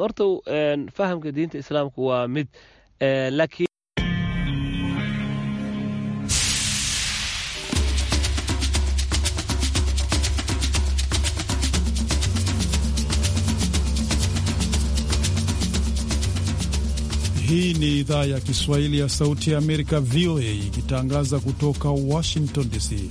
horta fahamka diinta islaamku waa mid eh, laakiin Hii ni idhaa ya Kiswahili ya Sauti ya Amerika, VOA, ikitangaza kutoka Washington DC.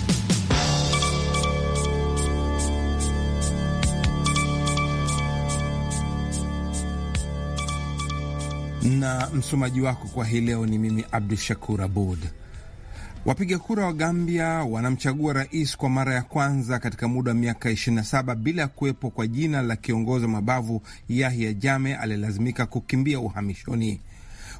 na msomaji wako kwa hii leo ni mimi Abdu Shakur Abud. Wapiga kura wa Gambia wanamchagua rais kwa mara ya kwanza katika muda wa miaka 27 bila ya kuwepo kwa jina la kiongozi wa mabavu Yahya jame aliyelazimika kukimbia uhamishoni.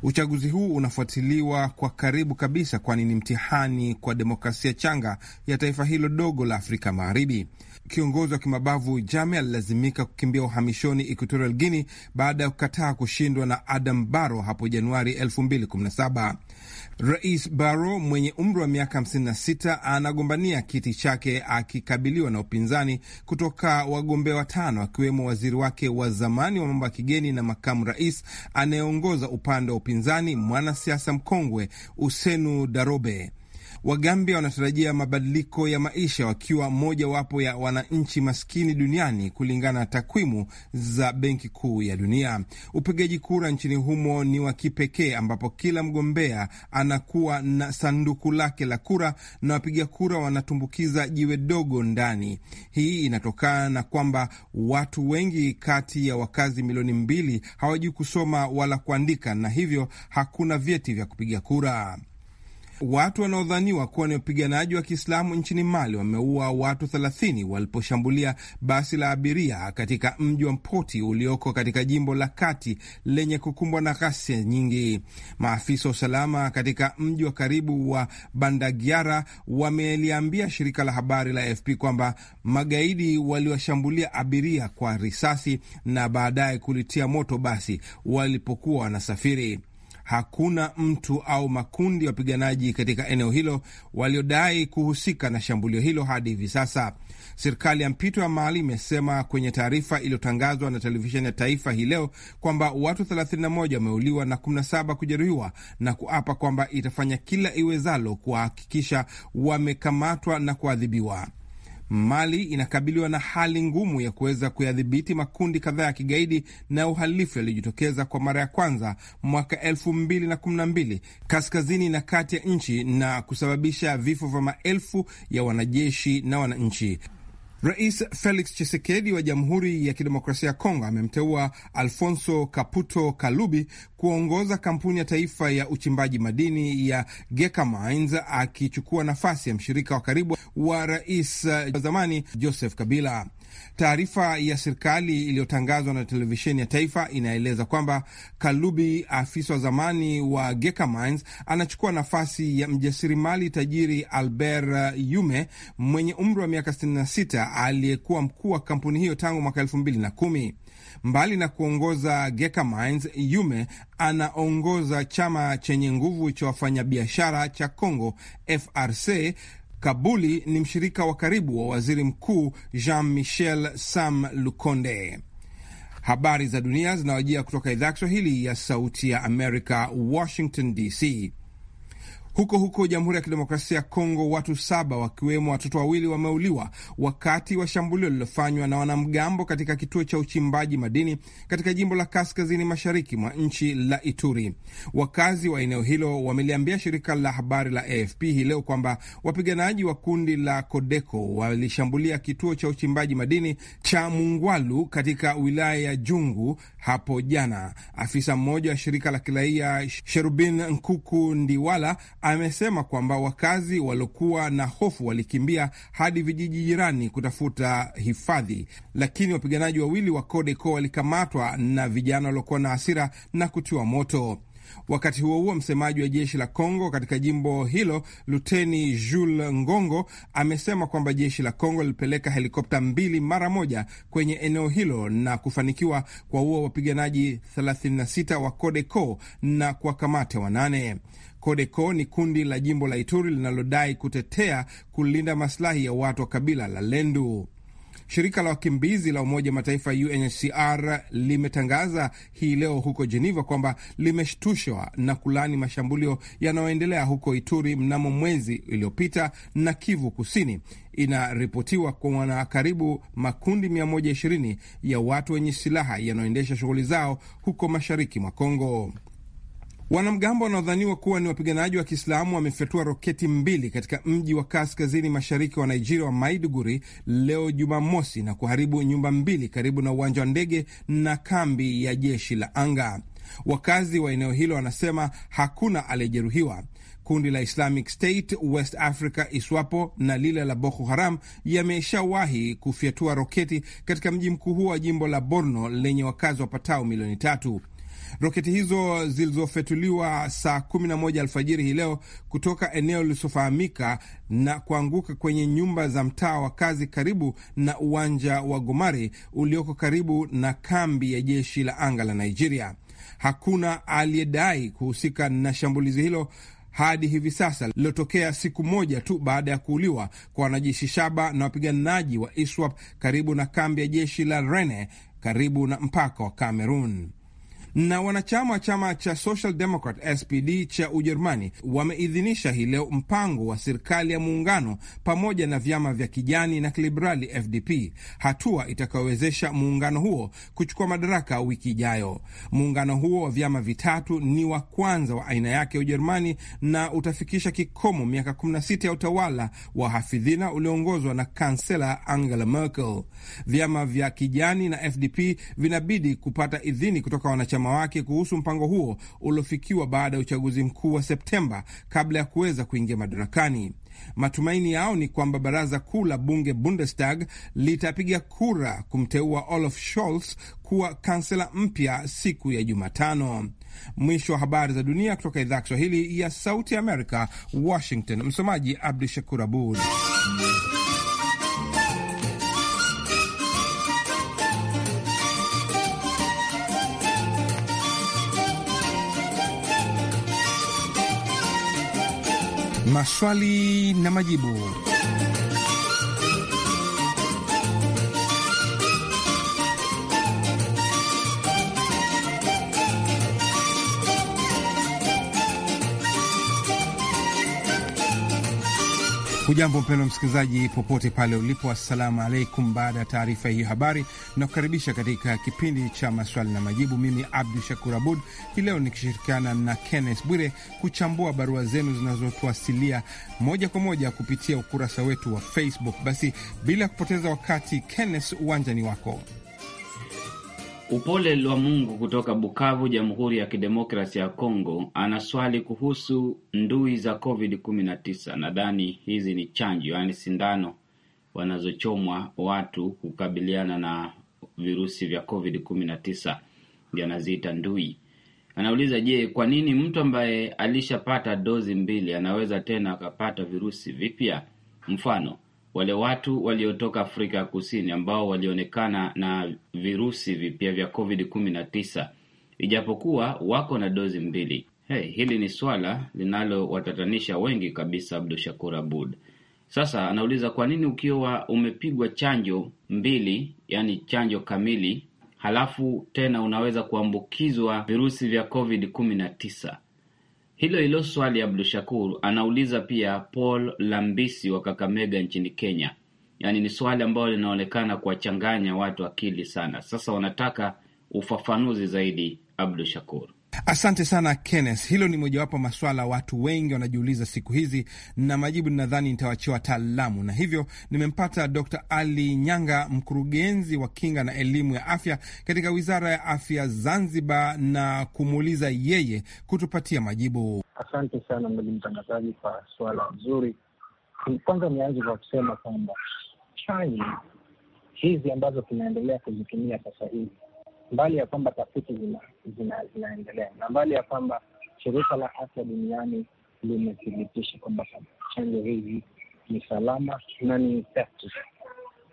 Uchaguzi huu unafuatiliwa kwa karibu kabisa, kwani ni mtihani kwa demokrasia changa ya taifa hilo dogo la Afrika Magharibi kiongozi wa kimabavu Jame alilazimika kukimbia uhamishoni Equatorial Guini baada ya kukataa kushindwa na Adam Baro hapo Januari 2017. Rais Baro mwenye umri wa miaka 56 anagombania kiti chake akikabiliwa na upinzani kutoka wagombea watano akiwemo waziri wake wa zamani wa mambo ya kigeni na makamu rais anayeongoza upande wa upinzani, mwanasiasa mkongwe Usenu Darobe. Wagambia wanatarajia mabadiliko ya maisha wakiwa wapo ya wananchi maskini duniani kulingana na takwimu za Benki Kuu ya Dunia. Upigaji kura nchini humo ni wa kipekee, ambapo kila mgombea anakuwa na sanduku lake la kura na wapiga kura wanatumbukiza jiwe dogo ndani. Hii inatokana na kwamba watu wengi kati ya wakazi milioni mbili hawajui kusoma wala kuandika, na hivyo hakuna vyeti vya kupiga kura. Watu wanaodhaniwa kuwa ni wapiganaji wa Kiislamu nchini Mali wameua watu 30 waliposhambulia basi la abiria katika mji wa Mpoti ulioko katika jimbo la kati lenye kukumbwa na ghasia nyingi. Maafisa wa usalama katika mji wa karibu wa Bandagiara wameliambia shirika la habari la AFP kwamba magaidi waliwashambulia abiria kwa risasi na baadaye kulitia moto basi walipokuwa wanasafiri hakuna mtu au makundi ya wapiganaji katika eneo hilo waliodai kuhusika na shambulio hilo hadi hivi sasa. Serikali ya mpito ya Mali imesema kwenye taarifa iliyotangazwa na televisheni ya taifa hii leo kwamba watu 31 wameuliwa na 17 kujeruhiwa na kuapa kwamba itafanya kila iwezalo kuwahakikisha wamekamatwa na kuadhibiwa. Mali inakabiliwa na hali ngumu ya kuweza kuyadhibiti makundi kadhaa ya kigaidi na uhalifu yaliyojitokeza kwa mara ya kwanza mwaka elfu mbili na kumi na mbili kaskazini na kati ya nchi na kusababisha vifo vya maelfu ya wanajeshi na wananchi. Rais Felix Chisekedi wa Jamhuri ya Kidemokrasia ya Kongo amemteua Alfonso Kaputo Kalubi kuongoza kampuni ya taifa ya uchimbaji madini ya Geka Mines, akichukua nafasi ya mshirika wa karibu wa rais wa zamani Joseph Kabila. Taarifa ya serikali iliyotangazwa na televisheni ya taifa inaeleza kwamba Kalubi, afisa wa zamani wa Geka Mines, anachukua nafasi ya mjasirimali tajiri Albert Yume mwenye umri wa miaka 66 aliyekuwa mkuu wa kampuni hiyo tangu mwaka 2010. Mbali na kuongoza Geka Mines, Yume anaongoza chama chenye nguvu cha wafanyabiashara cha Congo FRC Kabuli ni mshirika wa karibu wa waziri mkuu Jean Michel Sam Lukonde. Habari za dunia zinawajia kutoka idhaa ya Kiswahili ya Sauti ya Amerika, Washington DC. Huko huko Jamhuri ya Kidemokrasia ya Kongo, watu saba wakiwemo watoto wawili wameuliwa wakati wa shambulio lililofanywa na wanamgambo katika kituo cha uchimbaji madini katika jimbo la kaskazini mashariki mwa nchi la Ituri. Wakazi wa eneo hilo wameliambia shirika la habari la AFP hii leo kwamba wapiganaji wa kundi la Kodeko walishambulia kituo cha uchimbaji madini cha Mungwalu katika wilaya ya Jungu hapo jana. Afisa mmoja wa shirika la kiraia Sherubin Nkuku Ndiwala amesema kwamba wakazi waliokuwa na hofu walikimbia hadi vijiji jirani kutafuta hifadhi, lakini wapiganaji wawili wa Codeco walikamatwa na vijana waliokuwa na hasira na kutiwa moto. Wakati huo huo, msemaji wa jeshi la Kongo katika jimbo hilo Luteni Jules Ngongo amesema kwamba jeshi la Kongo lilipeleka helikopta mbili mara moja kwenye eneo hilo na kufanikiwa kuwaua wapiganaji 36 wa Codeco na kuwakamata wanane. Codeco ni kundi la jimbo la Ituri linalodai kutetea kulinda maslahi ya watu wa kabila la Lendu. Shirika la wakimbizi la Umoja Mataifa UNHCR limetangaza hii leo huko Geneva kwamba limeshtushwa na kulani mashambulio yanayoendelea huko Ituri mnamo mwezi iliyopita na Kivu Kusini. Inaripotiwa kuwa na karibu makundi 120 ya watu wenye silaha yanayoendesha shughuli zao huko mashariki mwa Kongo. Wanamgambo wanaodhaniwa kuwa ni wapiganaji wa Kiislamu wamefyatua roketi mbili katika mji wa kaskazini mashariki wa Nigeria wa Maiduguri leo Jumamosi na kuharibu nyumba mbili karibu na uwanja wa ndege na kambi ya jeshi la anga. Wakazi wa eneo hilo wanasema hakuna aliyejeruhiwa. Kundi la Islamic State West Africa ISWAPO na lile la Boko Haram yameshawahi kufyatua roketi katika mji mkuu huo wa jimbo la Borno lenye wakazi wapatao milioni tatu. Roketi hizo zilizofetuliwa saa 11 alfajiri hii leo kutoka eneo lisilofahamika na kuanguka kwenye nyumba za mtaa wa kazi karibu na uwanja wa Gomari ulioko karibu na kambi ya jeshi la anga la Nigeria. Hakuna aliyedai kuhusika na shambulizi hilo hadi hivi sasa lililotokea siku moja tu baada ya kuuliwa kwa wanajeshi shaba na wapiganaji wa ISWAP karibu na kambi ya jeshi la Rene karibu na mpaka wa Cameroon. Na wanachama wa chama cha Social Democrat SPD cha Ujerumani wameidhinisha hii leo mpango wa serikali ya muungano pamoja na vyama vya kijani na kiliberali FDP, hatua itakayowezesha muungano huo kuchukua madaraka wiki ijayo. Muungano huo wa vyama vitatu ni wa kwanza wa aina yake ya Ujerumani na utafikisha kikomo miaka 16 ya utawala wa hafidhina ulioongozwa na kansela Angela Merkel. Vyama vya kijani na FDP vinabidi kupata idhini kutoka wanachama wanachama wake kuhusu mpango huo uliofikiwa baada ya uchaguzi mkuu wa Septemba kabla ya kuweza kuingia madarakani. Matumaini yao ni kwamba baraza kuu la bunge Bundestag litapiga kura kumteua Olaf Scholz kuwa kansela mpya siku ya Jumatano. Mwisho wa habari za dunia kutoka idhaa ya Kiswahili ya Sauti Amerika, Washington. Msomaji Abdu Shakur Abud. maswali na majibu. Hujambo mpendwa msikilizaji, popote pale ulipo, assalamu alaikum. Baada ya taarifa hiyo habari, nakukaribisha katika kipindi cha maswali na majibu. Mimi Abdu Shakur Abud, hii leo nikishirikiana na Kenneth Bwire kuchambua barua zenu zinazotuwasilia moja kwa moja kupitia ukurasa wetu wa Facebook. Basi bila kupoteza wakati, Kenneth, uwanja ni wako. Upole Lwa Mungu kutoka Bukavu, Jamhuri ya Kidemokrasi ya Kongo, ana swali kuhusu ndui za Covid 19. Nadhani hizi ni chanjo, yaani sindano wanazochomwa watu kukabiliana na virusi vya Covid 19, yanaziita ndui. Anauliza, je, kwa nini mtu ambaye alishapata dozi mbili anaweza tena akapata virusi vipya? Mfano, wale watu waliotoka Afrika ya Kusini ambao walionekana na virusi vipya vya Covid 19 ijapokuwa wako na dozi mbili. Hey, hili ni swala linalowatatanisha wengi kabisa. Abdu Shakur Abud sasa anauliza kwa nini ukiwa umepigwa chanjo mbili, yani chanjo kamili, halafu tena unaweza kuambukizwa virusi vya Covid 19? Hilo hilo swali shakur anauliza pia Paul Lambisi wa Kakamega nchini Kenya. Yaani ni swali ambalo linaonekana kuwachanganya watu akili sana. Sasa wanataka ufafanuzi zaidi, abdu shakur Asante sana Kenneth, hilo ni mojawapo maswala watu wengi wanajiuliza siku hizi, na majibu ninadhani nitawachia wataalamu, na hivyo nimempata Dr Ali Nyanga, mkurugenzi wa kinga na elimu ya afya katika wizara ya afya Zanzibar, na kumuuliza yeye kutupatia majibu. Asante sana ndugu mtangazaji kwa swala nzuri. Kwanza nianze kwa kusema kwamba chai hizi ambazo tunaendelea kuzitumia sasa hivi mbali ya kwamba tafiti zinaendelea zina, zina na mbali ya kwamba shirika la afya duniani limethibitisha kwamba chanjo hizi ni salama na ni effective,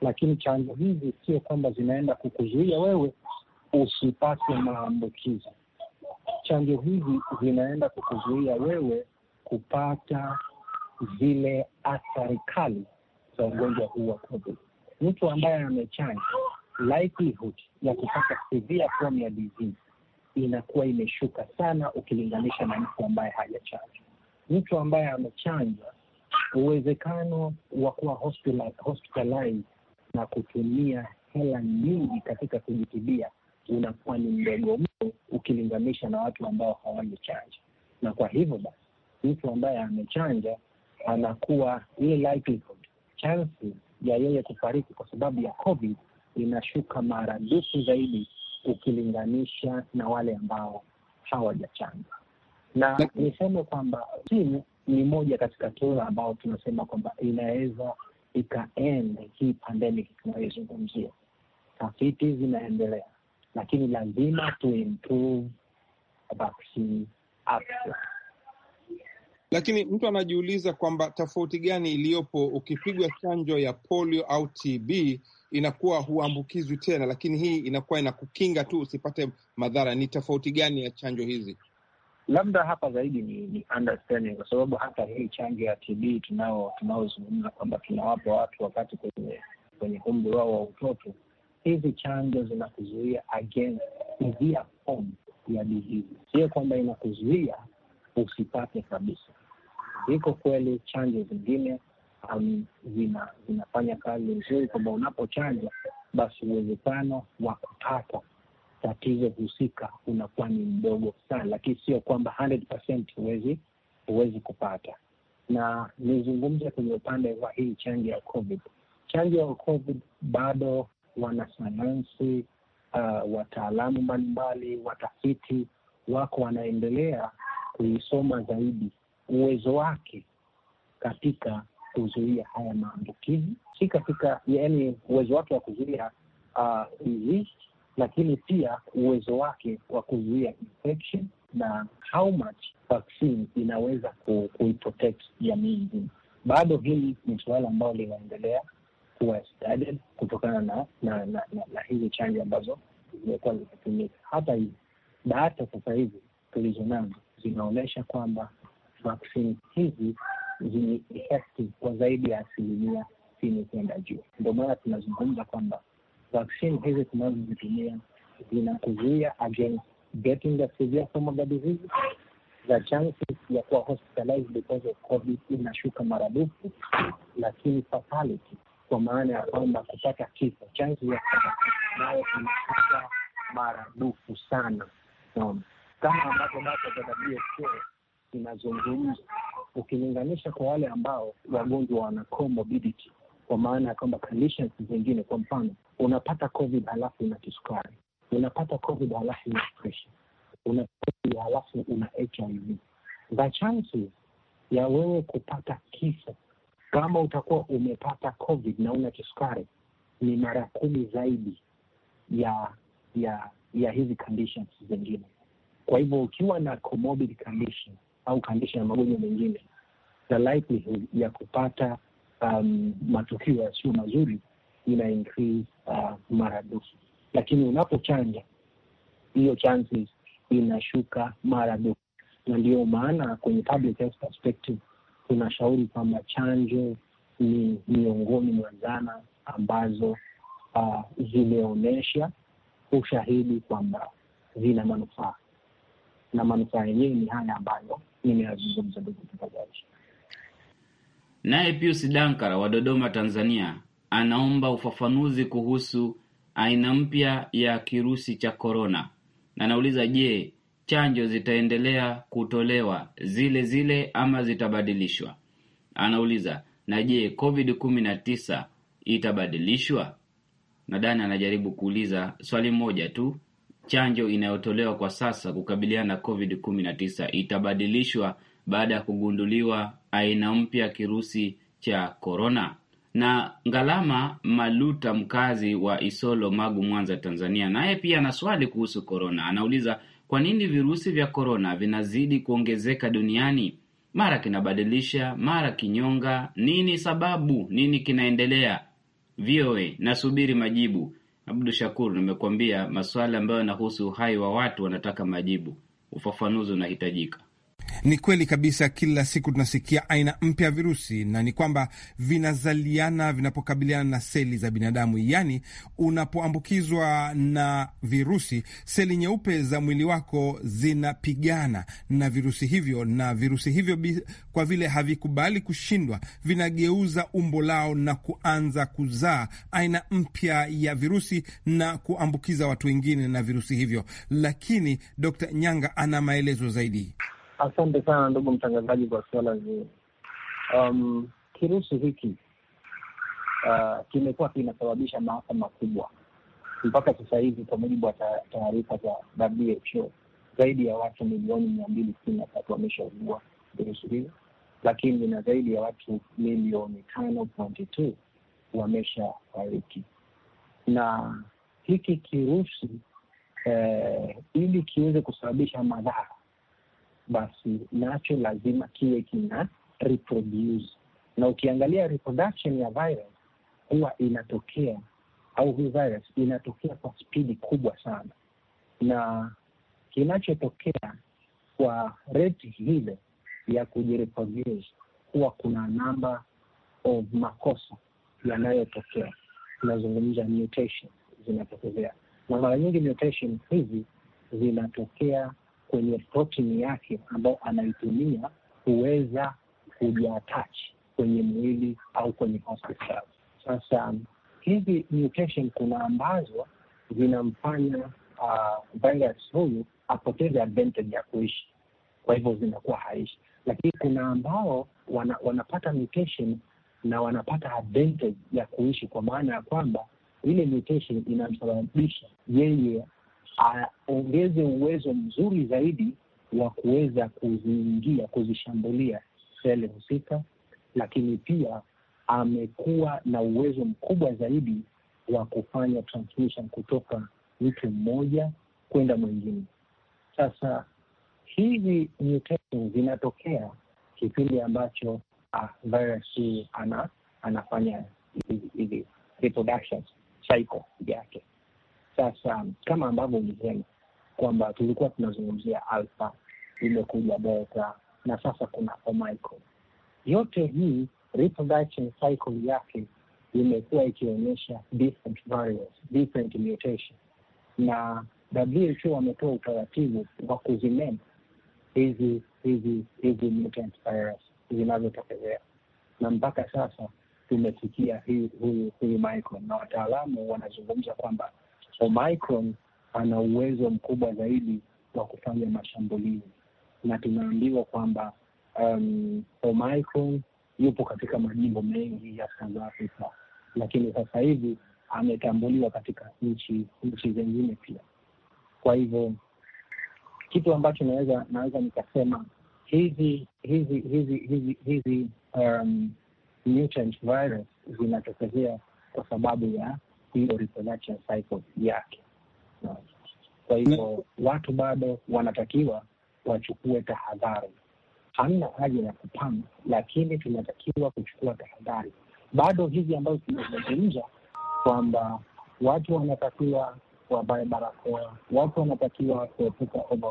lakini chanjo hizi sio kwamba zinaenda kukuzuia wewe usipate maambukizi. Chanjo hizi zinaenda kukuzuia wewe kupata zile athari kali za ugonjwa huu wa COVID. Mtu ambaye amechanja likelihood ya kupata severe ya disease inakuwa imeshuka sana ukilinganisha na mtu ambaye hajachanjwa. Mtu ambaye amechanjwa, uwezekano wa kuwa hospitalized na kutumia hela nyingi katika kujitibia unakuwa ni mdogo mno ukilinganisha na watu ambao hawajachanja. Na kwa hivyo basi, mtu ambaye amechanja anakuwa ile likelihood, chances ya yeye kufariki kwa sababu ya COVID mara maradufu zaidi ukilinganisha na wale ambao hawajachanga. Na niseme kwamba simu ni moja katika tura ambao tunasema kwamba inaweza ikaende hii pandemic tunayoizungumzia. Tafiti zinaendelea, lakini lazima tuimprove vaccine access. Lakini mtu anajiuliza kwamba tofauti gani iliyopo ukipigwa chanjo ya polio au TB inakuwa huambukizwi tena, lakini hii inakuwa inakukinga tu usipate madhara. Ni tofauti gani ya chanjo hizi? Labda hapa zaidi ni, ni understanding kwa sababu hata hii chanjo ya TB tunao tunaozungumza kwamba tunawapa watu wakati kwenye kwenye umri wao wa utoto, hizi chanjo zinakuzuia against severe form ya disease, sio kwamba inakuzuia usipate kabisa. Iko kweli chanjo zingine um, zina, zinafanya kazi vizuri kwamba unapochanja basi uwezekano wa kupata tatizo husika unakuwa ni mdogo sana, lakini sio kwamba 100% huwezi huwezi kupata. Na nizungumze kwenye upande wa hii chanjo ya COVID. Chanjo ya COVID bado wanasayansi uh, wataalamu mbalimbali, watafiti wako wanaendelea kuisoma zaidi uwezo wake katika kuzuia haya maambukizi, si katika yani uwezo wake wa kuzuia uh, disease uh, lakini pia uwezo wake wa kuzuia infection na how much vaccine inaweza ku, kuiprotect jamii nzima. Bado hili ni suala ambalo linaendelea kuwa studied kutokana na na, na, na, na hizi chanjo ambazo zimekuwa zikitumika. Hata hivi data sasa hivi tulizo nazo zinaonyesha kwamba vaksini hizi zini effective kwa zaidi ya asilimia sitini kwenda juu. Ndio maana tunazungumza kwamba vaksini hizi tunazozitumia zinakuzuia against getting a severe form of the disease. The chances ya kuwa hospitalized because of COVID inashuka maradufu, lakini fatality kwa maana ya kwamba kupata kifo, chances ya kupata nayo inashuka maradufu sana, naona kama ambavyo bata za zinazungumza ukilinganisha kwa wale ambao wagonjwa wana comorbidity, kwa maana ya kwamba conditions zingine. Kwa mfano, unapata covid halafu una kisukari, unapata covid halafu una presha, una covid halafu una HIV, the chances ya wewe kupata kifo kama utakuwa umepata covid na una kisukari ni mara kumi zaidi ya ya ya hizi conditions zingine. Kwa hivyo ukiwa na comorbid condition au condition ya magonjwa mengine, the likelihood ya kupata um, matukio yasio mazuri ina increase uh, maradufu, lakini unapochanja hiyo chances inashuka maradufu, na ndiyo maana kwenye public health perspective tunashauri kwamba chanjo ni miongoni mwa zana ambazo uh, zimeonyesha ushahidi kwamba zina manufaa na manufaa yenyewe ni haya ambayo nimeyazungumza, ndugu mtangazaji. Naye Pius Dankara wa Dodoma, Tanzania, anaomba ufafanuzi kuhusu aina mpya ya kirusi cha korona, na anauliza je, chanjo zitaendelea kutolewa zile zile ama zitabadilishwa? Anauliza na je, Covid kumi itabadilishwa? Nadhani anajaribu kuuliza swali moja tu Chanjo inayotolewa kwa sasa kukabiliana na Covid 19 itabadilishwa baada ya kugunduliwa aina mpya ya kirusi cha korona. Na Ngalama Maluta, mkazi wa Isolo, Magu, Mwanza, Tanzania, naye pia ana swali kuhusu korona. Anauliza, kwa nini virusi vya korona vinazidi kuongezeka duniani? Mara kinabadilisha, mara kinyonga. Nini sababu? Nini kinaendelea? VOA nasubiri majibu. Abdu Shakur, nimekuambia maswala ambayo yanahusu uhai wa watu wanataka majibu, ufafanuzi unahitajika. Ni kweli kabisa, kila siku tunasikia aina mpya ya virusi, na ni kwamba vinazaliana vinapokabiliana na seli za binadamu. Yaani, unapoambukizwa na virusi, seli nyeupe za mwili wako zinapigana na virusi hivyo, na virusi hivyo kwa vile havikubali kushindwa, vinageuza umbo lao na kuanza kuzaa aina mpya ya virusi na kuambukiza watu wengine na virusi hivyo. Lakini d Nyanga ana maelezo zaidi. Asante sana ndugu mtangazaji kwa suala zuri. Um, kirusi hiki uh, kimekuwa kinasababisha maafa makubwa mpaka sasa hivi, kwa mujibu wa taarifa za WHO, zaidi ya watu milioni mia mbili sitini na tatu wameshaugua virusi hivyo, lakini na zaidi ya watu milioni tano pointi wamesha wameshafariki na hiki kirusi eh, ili kiweze kusababisha madhara basi nacho lazima kiwe kina reproduce. Na ukiangalia reproduction ya virus huwa inatokea au hii virus inatokea kwa spidi kubwa sana, na kinachotokea kwa rate hile ya kujireproduce huwa kuna namba of makosa yanayotokea, tunazungumza mutation zinatokezea, na mara nyingi mutation hizi zinatokea kwenye protini yake ambayo anaitumia kuweza kujiatach kwenye mwili au kwenye hospital. Sasa hizi mutation kuna ambazo zinamfanya uh, virus huyu apoteze advantage ya kuishi, kwa hivyo zinakuwa haishi, lakini kuna ambao wana, wanapata mutation na wanapata advantage ya kuishi, kwa maana ya kwamba ile mutation inamsababisha yeye aongeze uwezo mzuri zaidi wa kuweza kuziingia, kuzishambulia sele husika, lakini pia amekuwa na uwezo mkubwa zaidi wa kufanya transmission kutoka mtu mmoja kwenda mwingine. Sasa hizi mutations zinatokea kipindi ambacho ah, virus ana anafanya hizi reproduction cycle yake. Sasa kama ambavyo ulisema kwamba tulikuwa tunazungumzia alfa, imekuja beta na sasa kuna omicron. Yote hii reproduction cycle yake imekuwa ikionyesha different variants, different na WHO wametoa utaratibu wa kuzimena hizi hizi hizi mutant virus zinazotokezea, na mpaka sasa tumefikia huyu huyu na wataalamu wanazungumza kwamba Omicron ana uwezo mkubwa zaidi wa kufanya mashambulizi, na tunaambiwa kwamba um, Omicron yupo katika majimbo mengi ya South Africa, lakini sasa hivi ametambuliwa katika nchi nchi zingine pia. Kwa hivyo kitu ambacho naweza naweza nikasema hizi hizi hizi hizi hizi um, mutant virus zinatokezea kwa sababu ya hiyo reproduction cycle yake. Kwa hivyo watu bado wanatakiwa wachukue tahadhari. Hamna haja ya kupanga, lakini tunatakiwa kuchukua tahadhari bado hizi ambazo tumezungumza kwamba watu wanatakiwa wavae barakoa, watu wanatakiwa kuepuka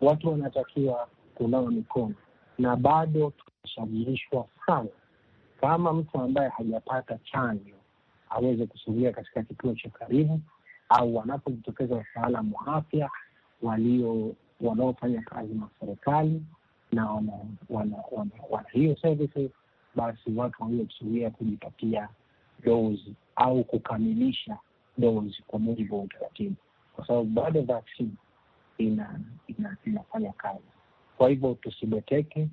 watu wanatakiwa kunawa mikono, na bado tunashajilishwa sana. Kama mtu ambaye hajapata chanjo aweze kusogea katika kituo cha karibu, au wanapojitokeza wataalamu wa afya walio wanaofanya kazi na serikali na wana, wana, wana, wana hiyo services, basi watu waliokusudia kujipatia dozi au kukamilisha dozi kwa mujibu wa utaratibu, kwa sababu bado vaccine ina, ina, inafanya kazi. Kwa hivyo tusibweteke,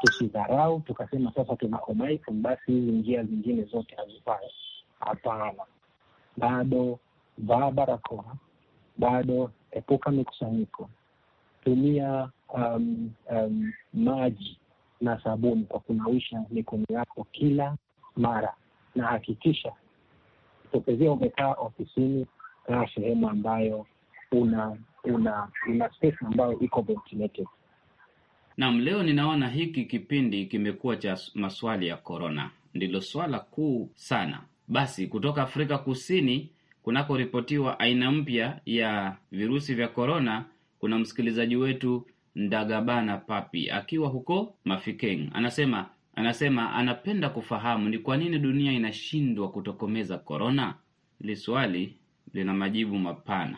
tusidharau tukasema sasa tuna Omicron, basi hizi njia zingine zote hazifai. Hapana, bado vaa barakoa, bado epuka mikusanyiko, tumia um, um, maji na sabuni kwa kunawisha mikono yako kila mara, na hakikisha tokezia umekaa ofisini kaa sehemu ambayo una una una space ambayo iko ventilated. Naam, leo ninaona hiki kipindi kimekuwa cha maswali ya korona, ndilo swala kuu sana basi kutoka Afrika Kusini kunakoripotiwa aina mpya ya virusi vya korona, kuna msikilizaji wetu Ndagabana Papi akiwa huko Mafikeng anasema anasema anapenda kufahamu ni kwa nini dunia inashindwa kutokomeza korona. Hili swali lina majibu mapana.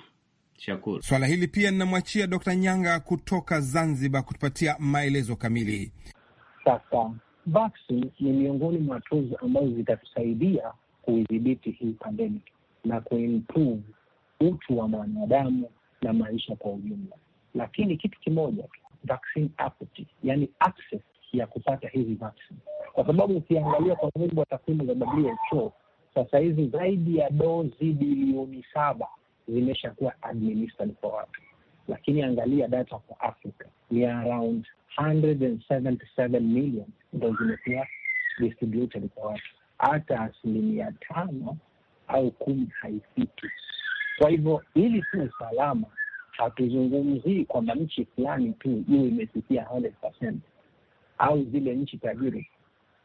Shakuru, swala hili pia linamwachia d Nyanga kutoka Zanzibar kutupatia maelezo kamili. Sasa vaksi ni miongoni mwa tuzo ambazo zitatusaidia kuidhibiti hii pandemic na kuimprove utu wa mwanadamu na maisha kwa ujumla, lakini kitu kimoja tu, vaccine equity, yani access ya kupata hizi vaccine, kwa sababu ukiangalia kwa mujibu wa takwimu za WHO sasa hizi zaidi ya dozi bilioni saba zimeshakuwa administered kwa watu, lakini angalia data kwa Africa ni around 177 million ndo zimekuwa distributed kwa watu hata asilimia tano au kumi haifiki. Kwa hivyo ili si usalama, hatuzungumzii kwamba nchi fulani tu iwe imefikia 100% au zile nchi tajiri.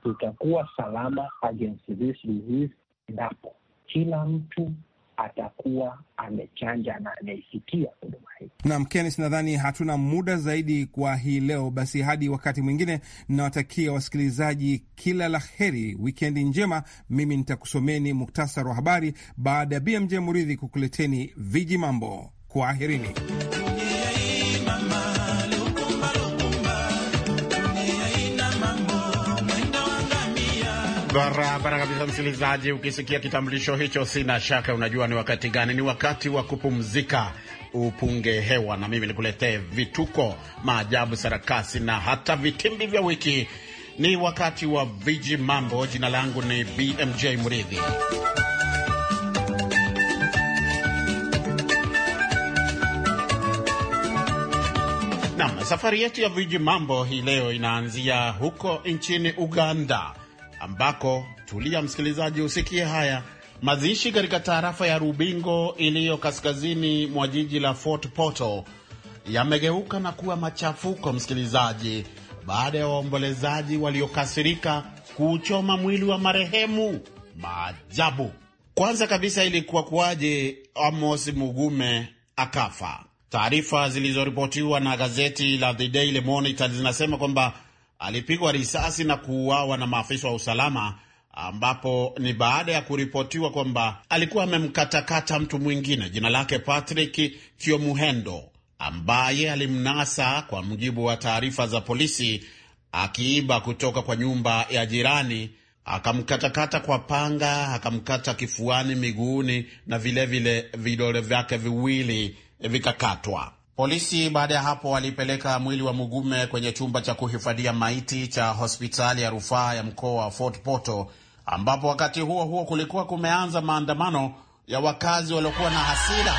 Tutakuwa salama against this disease endapo kila mtu atakuwa amechanja na ameisikia huduma hii. Naam, Kenis, nadhani hatuna muda zaidi kwa hii leo. Basi hadi wakati mwingine, nawatakia wasikilizaji kila la heri, wikendi njema. Mimi nitakusomeni muktasari wa habari baada ya BMJ Muridhi kukuleteni viji mambo. Kwaherini. Barabara kabisa, msikilizaji. Ukisikia kitambulisho hicho, sina shaka unajua ni wakati gani. Ni wakati wa kupumzika, upunge hewa, na mimi nikuletee vituko, maajabu, sarakasi na hata vitimbi vya wiki. Ni wakati wa viji mambo. Jina langu ni BMJ Mridhi. Nam, safari yetu ya viji mambo hii leo inaanzia huko nchini Uganda ambako tulia msikilizaji, usikie haya. Mazishi katika taarafa ya Rubingo iliyo kaskazini mwa jiji la Fort Portal yamegeuka na kuwa machafuko, msikilizaji, baada ya waombolezaji waliokasirika kuuchoma mwili wa marehemu. Maajabu! Kwanza kabisa, ilikuwa kuwaje Amos Mugume akafa? Taarifa zilizoripotiwa na gazeti la The Daily Monitor zinasema kwamba alipigwa risasi na kuuawa na maafisa wa usalama, ambapo ni baada ya kuripotiwa kwamba alikuwa amemkatakata mtu mwingine jina lake Patrick Kiomuhendo ambaye alimnasa, kwa mujibu wa taarifa za polisi, akiiba kutoka kwa nyumba ya jirani akamkatakata kwa panga, akamkata kifuani, miguuni na vilevile vidole vyake viwili vikakatwa. Polisi baada ya hapo walipeleka mwili wa Mugume kwenye chumba cha kuhifadhia maiti cha hospitali ya rufaa ya mkoa wa Fort poto ambapo wakati huo huo kulikuwa kumeanza maandamano ya wakazi waliokuwa na hasira.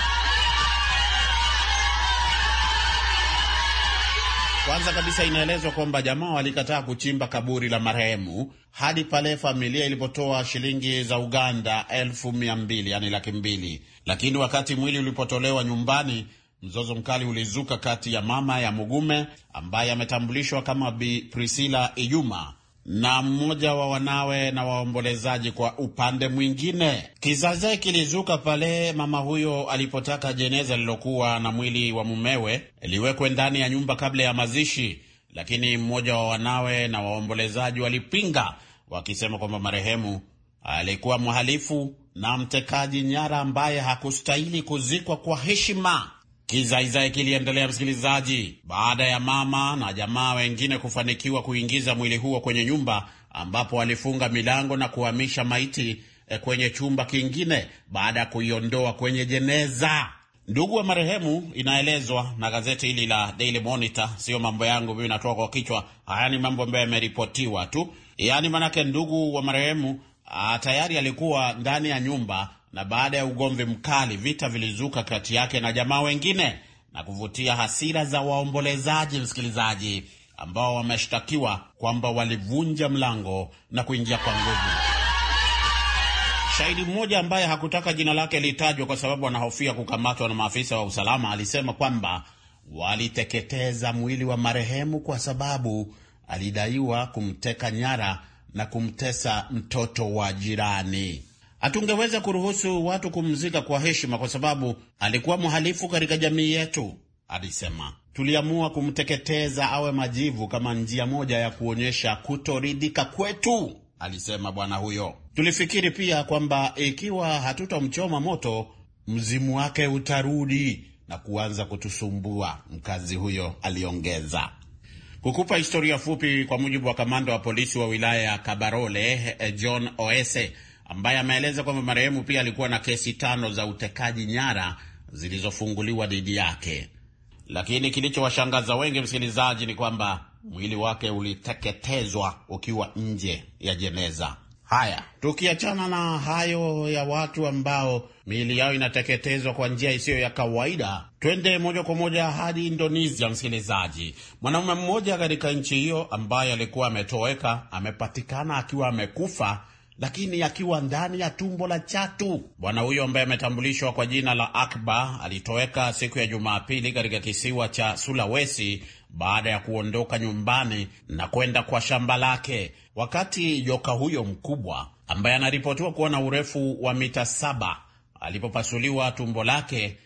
Kwanza kabisa inaelezwa kwamba jamaa walikataa kuchimba kaburi la marehemu hadi pale familia ilipotoa shilingi za Uganda elfu mia mbili yani laki mbili, lakini wakati mwili ulipotolewa nyumbani Mzozo mkali ulizuka kati ya mama ya Mugume ambaye ametambulishwa kama Bi Priscilla Ijuma na mmoja wa wanawe na waombolezaji. Kwa upande mwingine, kizaza kilizuka pale mama huyo alipotaka jeneza lilokuwa na mwili wa mumewe liwekwe ndani ya nyumba kabla ya mazishi, lakini mmoja wa wanawe na waombolezaji walipinga wakisema kwamba marehemu alikuwa mhalifu na mtekaji nyara ambaye hakustahili kuzikwa kwa heshima. Kizaizai kiliendelea msikilizaji, baada ya mama na jamaa wengine kufanikiwa kuingiza mwili huo kwenye nyumba ambapo walifunga milango na kuhamisha maiti eh, kwenye chumba kingine baada ya kuiondoa kwenye jeneza. Ndugu wa marehemu, inaelezwa na gazeti hili la Daily Monitor, sio mambo yangu mimi, natoka kwa kichwa. Haya ni mambo ambayo yameripotiwa tu, yaani maanake ndugu wa marehemu ah, tayari alikuwa ndani ya nyumba na baada ya ugomvi mkali, vita vilizuka kati yake na jamaa wengine na kuvutia hasira za waombolezaji, msikilizaji, ambao wameshtakiwa kwamba walivunja mlango na kuingia kwa nguvu. Shahidi mmoja ambaye hakutaka jina lake litajwa kwa sababu anahofia kukamatwa na maafisa wa usalama alisema kwamba waliteketeza mwili wa marehemu kwa sababu alidaiwa kumteka nyara na kumtesa mtoto wa jirani. Hatungeweza kuruhusu watu kumzika kwa heshima kwa sababu alikuwa mhalifu katika jamii yetu, alisema. Tuliamua kumteketeza awe majivu kama njia moja ya kuonyesha kutoridhika kwetu, alisema bwana huyo. Tulifikiri pia kwamba ikiwa hatutamchoma moto, mzimu wake utarudi na kuanza kutusumbua, mkazi huyo aliongeza. Kukupa historia fupi, kwa mujibu wa kamanda wa polisi wa wilaya ya Kabarole, John Oese ambaye ameeleza kwamba marehemu pia alikuwa na kesi tano za utekaji nyara zilizofunguliwa dhidi yake. Lakini kilichowashangaza wengi, msikilizaji, ni kwamba mwili wake uliteketezwa ukiwa nje ya jeneza. Haya, tukiachana na hayo ya watu ambao miili yao inateketezwa kwa njia isiyo ya kawaida, twende moja kwa moja hadi Indonesia. Msikilizaji, mwanaume mmoja katika nchi hiyo ambaye alikuwa ametoweka amepatikana akiwa amekufa lakini akiwa ndani ya tumbo la chatu. Bwana huyo ambaye ametambulishwa kwa jina la Akbar alitoweka siku ya Jumapili katika kisiwa cha Sulawesi baada ya kuondoka nyumbani na kwenda kwa shamba lake, wakati joka huyo mkubwa ambaye anaripotiwa kuwa na urefu wa mita saba alipopasuliwa tumbo lake,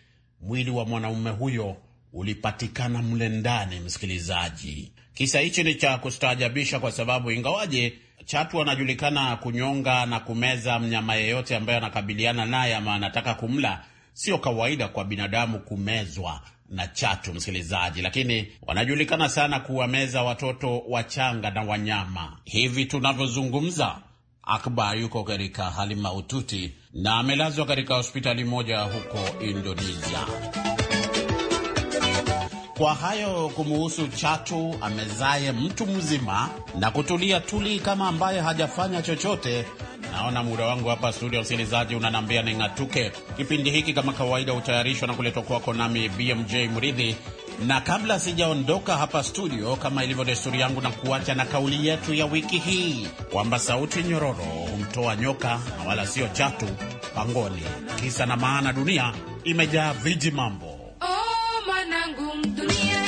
mwili wa mwanaume huyo ulipatikana mle ndani. Msikilizaji, kisa hichi ni cha kustaajabisha kwa sababu ingawaje Chatu anajulikana kunyonga na kumeza mnyama yeyote ambaye anakabiliana naye ama anataka kumla. Sio kawaida kwa binadamu kumezwa na chatu, msikilizaji, lakini wanajulikana sana kuwameza watoto wachanga na wanyama. Hivi tunavyozungumza, Akbar yuko katika hali mahututi na amelazwa katika hospitali moja huko Indonesia. Kwa hayo kumuhusu chatu amezaye mtu mzima na kutulia tuli kama ambaye hajafanya chochote. Naona muda wangu hapa studio, msikilizaji, unanambia ning'atuke. Kipindi hiki kama kawaida hutayarishwa na kuletwa kwako nami BMJ Mridhi, na kabla sijaondoka hapa studio, kama ilivyo desturi yangu, na kuacha na kauli yetu ya wiki hii kwamba sauti nyororo humtoa nyoka na wala sio chatu pangoni. Kisa na maana, dunia imejaa viji mambo. menanggung dunia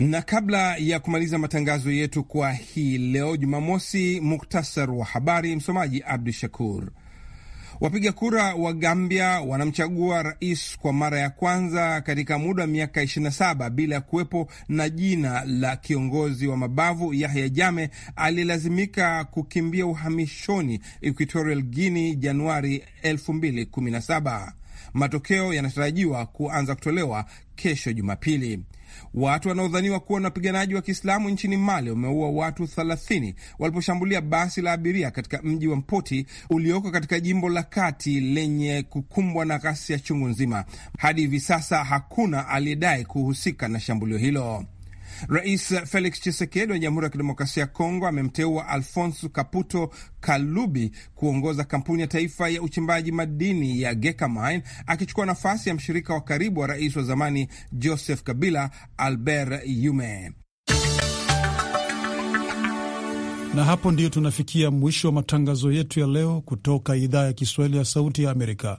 Na kabla ya kumaliza matangazo yetu kwa hii leo Jumamosi, muktasar wa habari. Msomaji Abdu Shakur. Wapiga kura wa Gambia wanamchagua rais kwa mara ya kwanza katika muda wa miaka 27 bila ya kuwepo na jina la kiongozi wa mabavu Yahya Jame aliyelazimika kukimbia uhamishoni Equatorial Guinea Januari 2017. Matokeo yanatarajiwa kuanza kutolewa kesho Jumapili. Watu wanaodhaniwa kuwa na wapiganaji wa Kiislamu nchini Mali wameua watu 30 waliposhambulia basi la abiria katika mji wa Mpoti ulioko katika jimbo la kati lenye kukumbwa na ghasia chungu nzima. Hadi hivi sasa hakuna aliyedai kuhusika na shambulio hilo. Rais Felix Chisekedi wa Jamhuri ya Kidemokrasia ya Kongo amemteua Alfonso Kaputo Kalubi kuongoza kampuni ya taifa ya uchimbaji madini ya gekamin akichukua nafasi ya mshirika wa karibu wa rais wa zamani Joseph Kabila, Albert Yume. Na hapo ndiyo tunafikia mwisho wa matangazo yetu ya leo kutoka idhaa ya Kiswahili ya Sauti ya Amerika.